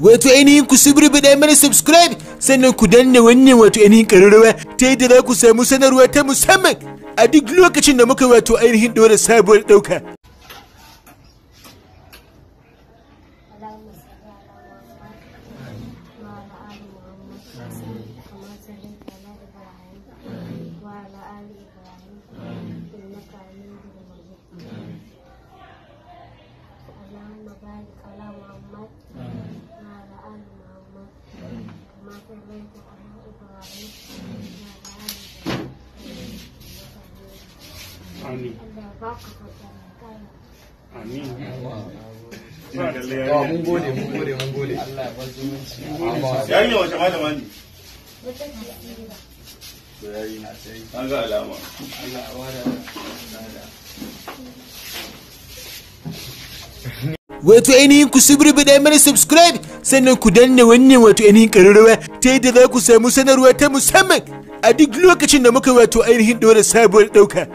wato ainihin ku ɗaya mana subscribe sannan ku danna wannan wato ainihin ƙararrawa ta yadda za ku samu sanarwa ta musamman a duk lokacin da muka wato ainihin ɗora sabuwar ɗauka. Amin. Wa mun gode mun gode mun gode. Allah ya bar da mani? Wata Yayi na sai. alama. Allah ya wada. wato ainihin ku subribiɗa mana subscribe sannan ku danna wannan wato ainihin ƙararrawa ta da za ku samu sanarwa ta musamman a duk lokacin da muka wato ainihin ɗora sabuwar ɗauka